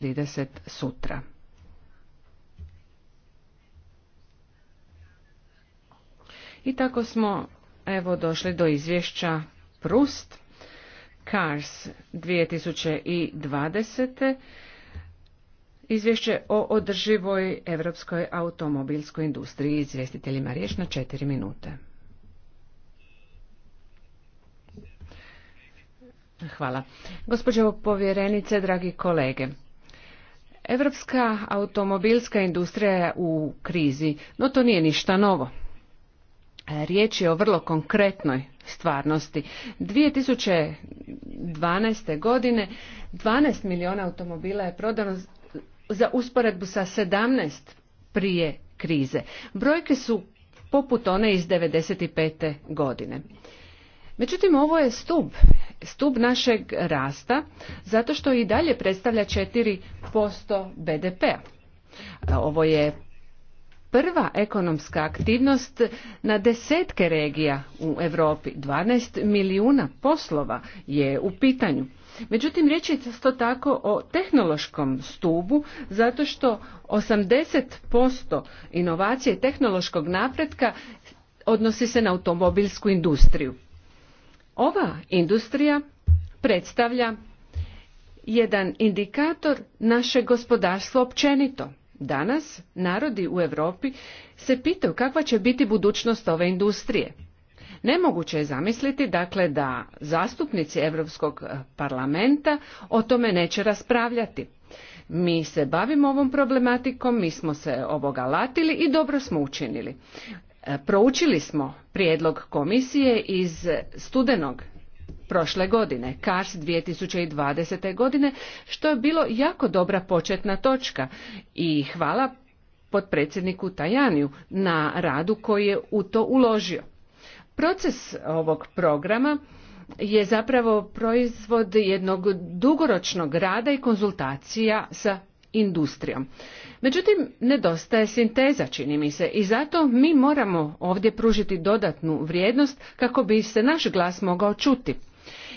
30 sutra. I tako smo evo došli do izvješća Prust, Cars 2020. Izvješće o održivoj evropskoj automobilskoj industriji izvjestiteljima riječ na 4 minute. Hvala. Gospođo povjerenice, dragi kolege, Europska automobilska industrija je u krizi, no to nije ništa novo. Riječ je o vrlo konkretnoj stvarnosti. 2012. godine 12 milijuna automobila je prodano za usporedbu sa 17 prije krize. Brojke su poput one iz 1995. godine. Međutim, ovo je stup, stup našeg rasta, zato što i dalje predstavlja 4% BDP-a. Ovo je prva ekonomska aktivnost na desetke regija u Europi. 12 milijuna poslova je u pitanju. Međutim, riječ je isto tako o tehnološkom stubu, zato što 80% inovacije tehnološkog napretka odnosi se na automobilsku industriju. Ova industrija predstavlja jedan indikator našeg gospodarstva općenito. Danas narodi u Europi se pitaju kakva će biti budućnost ove industrije. Nemoguće je zamisliti dakle da zastupnici Europskog parlamenta o tome neće raspravljati. Mi se bavimo ovom problematikom, mi smo se obogalatili i dobro smo učinili. E, proučili smo prijedlog komisije iz studenog prošle godine, KARS 2020. godine, što je bilo jako dobra početna točka i hvala potpredsjedniku Tajaniju na radu koji je u to uložio. Proces ovog programa je zapravo proizvod jednog dugoročnog rada i konzultacija sa industrijom. Međutim, nedostaje sinteza, čini mi se, i zato mi moramo ovdje pružiti dodatnu vrijednost kako bi se naš glas mogao čuti.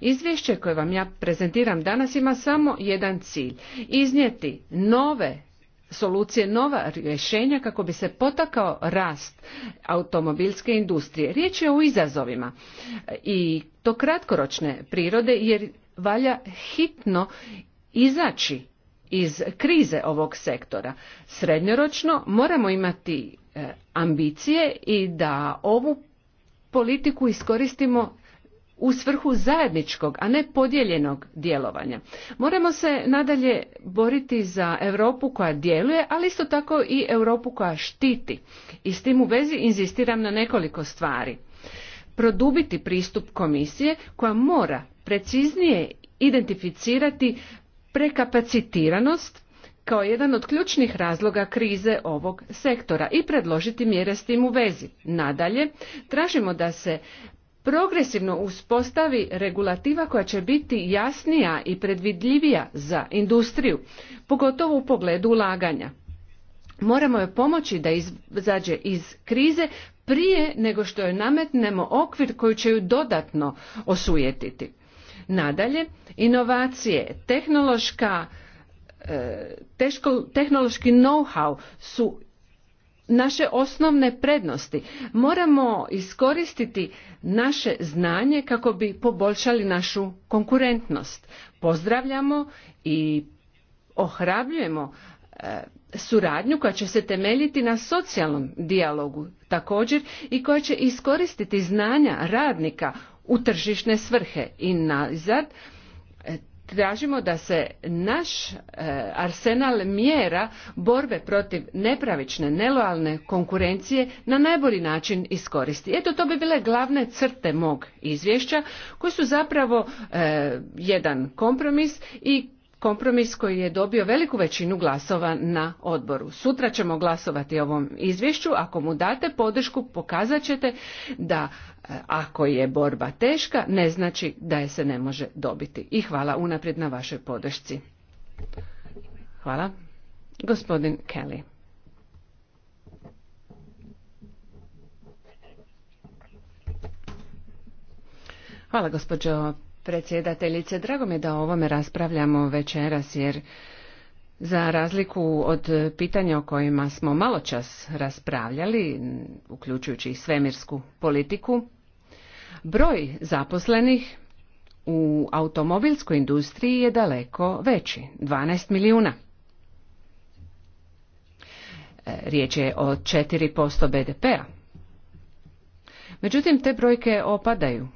Izvješće koje vam ja prezentiram danas ima samo jedan cilj. Iznijeti nove solucije, nova rješenja kako bi se potakao rast automobilske industrije. Riječ je o izazovima i to kratkoročne prirode jer valja hitno izaći iz krize ovog sektora. Srednjoročno moramo imati e, ambicije i da ovu politiku iskoristimo u svrhu zajedničkog, a ne podijeljenog djelovanja. Moramo se nadalje boriti za Europu koja djeluje, ali isto tako i Europu koja štiti. I s tim u vezi inzistiram na nekoliko stvari. Produbiti pristup komisije koja mora preciznije identificirati prekapacitiranost kao jedan od ključnih razloga krize ovog sektora i predložiti mjere s tim u vezi. Nadalje, tražimo da se progresivno uspostavi regulativa koja će biti jasnija i predvidljivija za industriju, pogotovo u pogledu ulaganja. Moramo joj pomoći da izađe iz krize prije nego što joj nametnemo okvir koji će ju dodatno osujetiti. Nadalje, inovacije, tehnološka, e, teško, tehnološki know-how su naše osnovne prednosti. Moramo iskoristiti naše znanje kako bi poboljšali našu konkurentnost. Pozdravljamo i ohrabljujemo e, suradnju koja će se temeljiti na socijalnom dijalogu također i koja će iskoristiti znanja radnika u tržišne svrhe. I nazad e, tražimo da se naš e, arsenal mjera borbe protiv nepravične, nelojalne konkurencije na najbolji način iskoristi. Eto to bi bile glavne crte mog izvješća koje su zapravo e, jedan kompromis i kompromis koji je dobio veliku većinu glasova na odboru. Sutra ćemo glasovati o ovom izvješću. Ako mu date podršku, pokazat ćete da e, ako je borba teška, ne znači da je se ne može dobiti. I hvala unaprijed na vašoj podršci. Hvala. Gospodin Kelly. Hvala gospođo predsjedateljice. Drago mi je da o ovome raspravljamo večeras jer za razliku od pitanja o kojima smo čas raspravljali, uključujući i svemirsku politiku, broj zaposlenih u automobilskoj industriji je daleko veći, 12 milijuna. E, riječ je o 4% BDP-a. Međutim, te brojke opadaju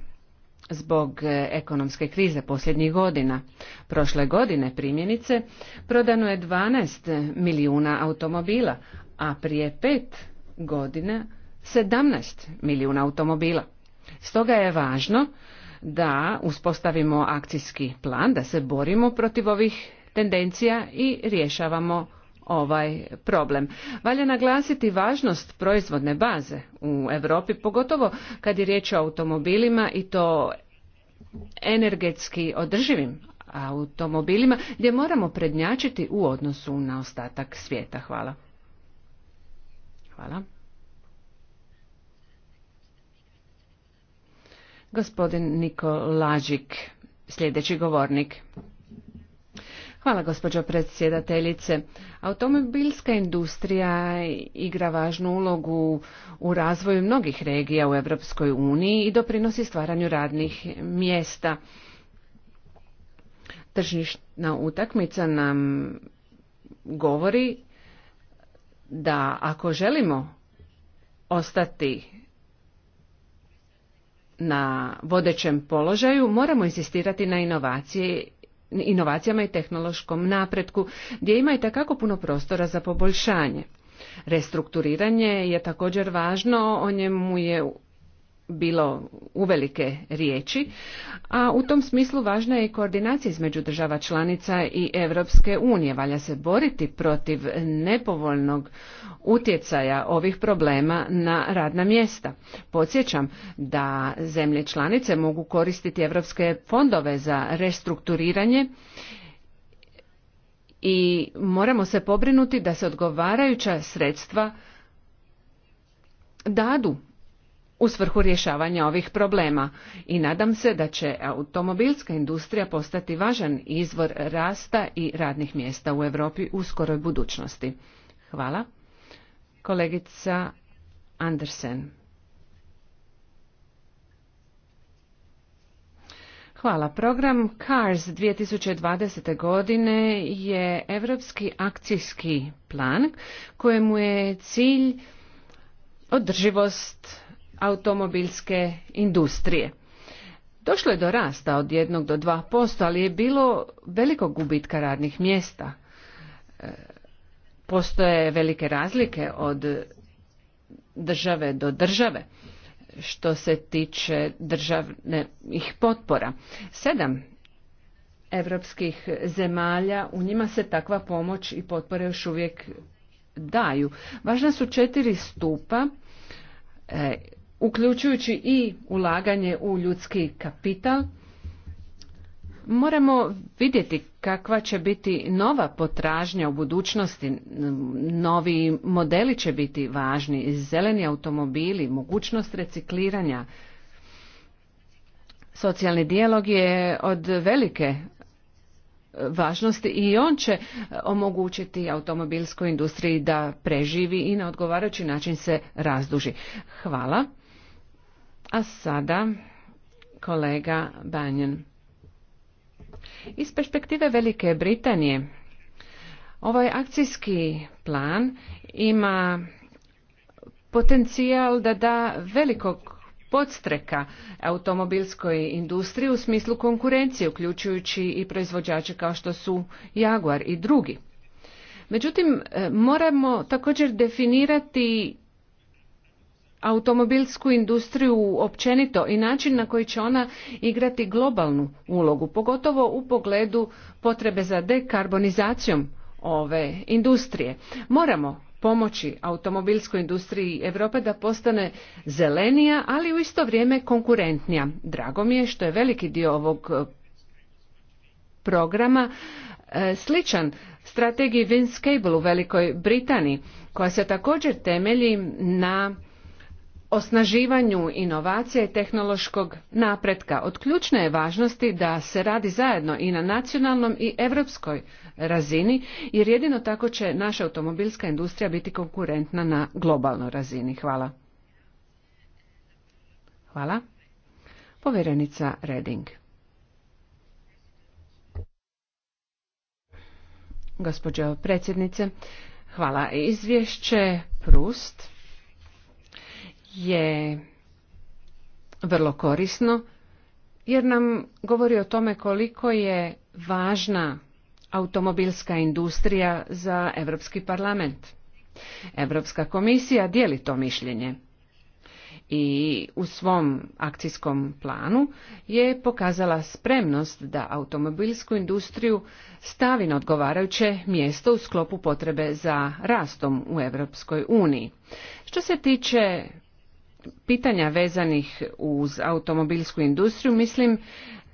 zbog e, ekonomske krize posljednjih godina. Prošle godine primjenice prodano je 12 milijuna automobila, a prije pet godina 17 milijuna automobila. Stoga je važno da uspostavimo akcijski plan, da se borimo protiv ovih tendencija i rješavamo ovaj problem. Valja naglasiti važnost proizvodne baze u Europi, pogotovo kad je riječ o automobilima i to energetski održivim automobilima gdje moramo prednjačiti u odnosu na ostatak svijeta. Hvala. Hvala. Gospodin Niko sljedeći govornik. Hvala gospođo predsjedateljice. Automobilska industrija igra važnu ulogu u razvoju mnogih regija u Europskoj uniji i doprinosi stvaranju radnih mjesta. Tržišna utakmica nam govori da ako želimo ostati na vodećem položaju moramo insistirati na inovacije inovacijama i tehnološkom napretku gdje ima i takako puno prostora za poboljšanje. Restrukturiranje je također važno, o njemu je bilo uvelike riječi, a u tom smislu važna je i koordinacija između država članica i Europske unije. Valja se boriti protiv nepovoljnog utjecaja ovih problema na radna mjesta. Podsjećam da zemlje članice mogu koristiti europske fondove za restrukturiranje i moramo se pobrinuti da se odgovarajuća sredstva dadu u svrhu rješavanja ovih problema i nadam se da će automobilska industrija postati važan izvor rasta i radnih mjesta u Europi u skoroj budućnosti. Hvala. Kolegica Andersen. Hvala. Program CARS 2020. godine je europski akcijski plan kojemu je cilj održivost automobilske industrije. Došlo je do rasta od 1 do posto, ali je bilo velikog gubitka radnih mjesta. E, postoje velike razlike od države do države što se tiče državnih potpora. Sedam evropskih zemalja, u njima se takva pomoć i potpore još uvijek daju. Važna su četiri stupa e, uključujući i ulaganje u ljudski kapital, moramo vidjeti kakva će biti nova potražnja u budućnosti. Novi modeli će biti važni, zeleni automobili, mogućnost recikliranja. Socijalni dijalog je od velike važnosti i on će omogućiti automobilskoj industriji da preživi i na odgovarajući način se razduži. Hvala. A sada kolega Banjen. Iz perspektive Velike Britanije ovaj akcijski plan ima potencijal da da velikog podstreka automobilskoj industriji u smislu konkurencije, uključujući i proizvođače kao što su Jaguar i drugi. Međutim, e, moramo također definirati automobilsku industriju općenito i način na koji će ona igrati globalnu ulogu, pogotovo u pogledu potrebe za dekarbonizacijom ove industrije. Moramo pomoći automobilskoj industriji Europe da postane zelenija, ali u isto vrijeme konkurentnija. Drago mi je što je veliki dio ovog eh, programa eh, sličan strategiji Vince Cable u Velikoj Britaniji, koja se također temelji na osnaživanju inovacija i tehnološkog napretka. Od ključne je važnosti da se radi zajedno i na nacionalnom i europskoj razini, jer jedino tako će naša automobilska industrija biti konkurentna na globalnoj razini. Hvala. Hvala. Povjerenica Reding. Gospođo predsjednice, hvala. Izvješće Prust je vrlo korisno jer nam govori o tome koliko je važna automobilska industrija za Europski parlament. Europska komisija dijeli to mišljenje i u svom akcijskom planu je pokazala spremnost da automobilsku industriju stavi na odgovarajuće mjesto u sklopu potrebe za rastom u Europskoj uniji. Što se tiče pitanja vezanih uz automobilsku industriju, mislim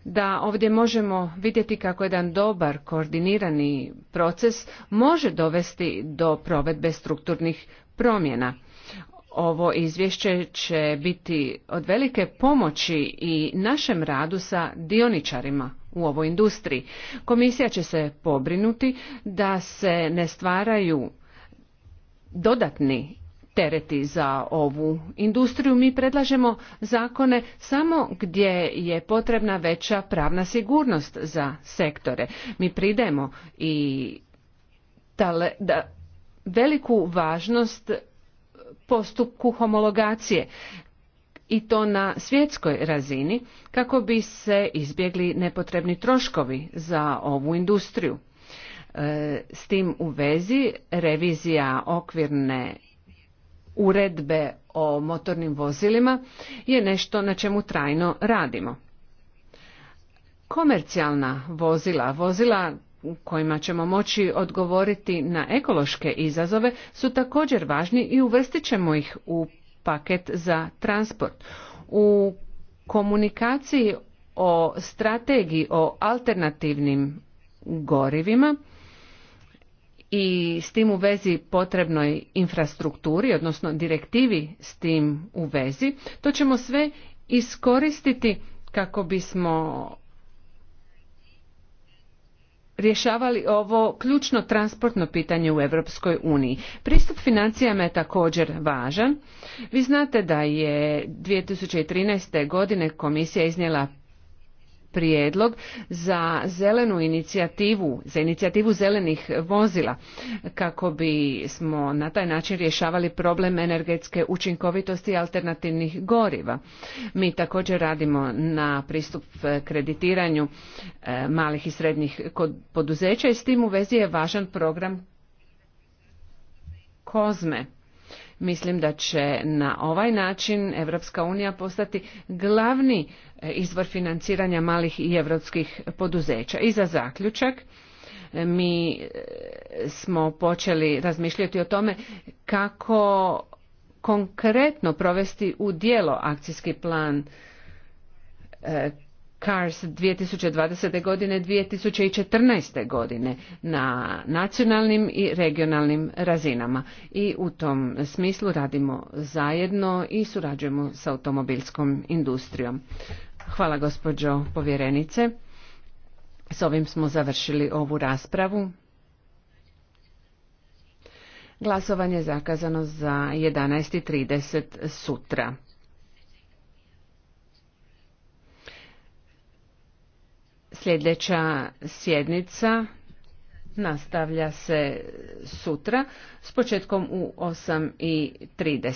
da ovdje možemo vidjeti kako jedan dobar koordinirani proces može dovesti do provedbe strukturnih promjena. Ovo izvješće će biti od velike pomoći i našem radu sa dioničarima u ovoj industriji. Komisija će se pobrinuti da se ne stvaraju dodatni tereti za ovu industriju. Mi predlažemo zakone samo gdje je potrebna veća pravna sigurnost za sektore. Mi pridemo i da, veliku važnost postupku homologacije i to na svjetskoj razini kako bi se izbjegli nepotrebni troškovi za ovu industriju. E, s tim u vezi revizija okvirne uredbe o motornim vozilima je nešto na čemu trajno radimo. Komercijalna vozila, vozila kojima ćemo moći odgovoriti na ekološke izazove su također važni i uvrstit ćemo ih u paket za transport. U komunikaciji o strategiji o alternativnim gorivima i s tim u vezi potrebnoj infrastrukturi, odnosno direktivi s tim u vezi, to ćemo sve iskoristiti kako bismo rješavali ovo ključno transportno pitanje u Europskoj uniji. Pristup financijama je također važan. Vi znate da je 2013. godine komisija iznijela prijedlog za zelenu inicijativu, za inicijativu zelenih vozila kako bi smo na taj način rješavali problem energetske učinkovitosti alternativnih goriva. Mi također radimo na pristup e, kreditiranju e, malih i srednjih poduzeća i s tim u vezi je važan program Kozme. Mislim da će na ovaj način Evropska unija postati glavni e, izvor financiranja malih i evropskih poduzeća. I za zaključak, e, mi e, smo počeli razmišljati o tome kako konkretno provesti u dijelo akcijski plan CARS 2020. godine 2014. godine na nacionalnim i regionalnim razinama i u tom smislu radimo zajedno i surađujemo sa automobilskom industrijom. Hvala gospođo povjerenice. S ovim smo završili ovu raspravu. Glasovanje je zakazano za 11.30 sutra. Sljedeća sjednica nastavlja se sutra s početkom u 8.30.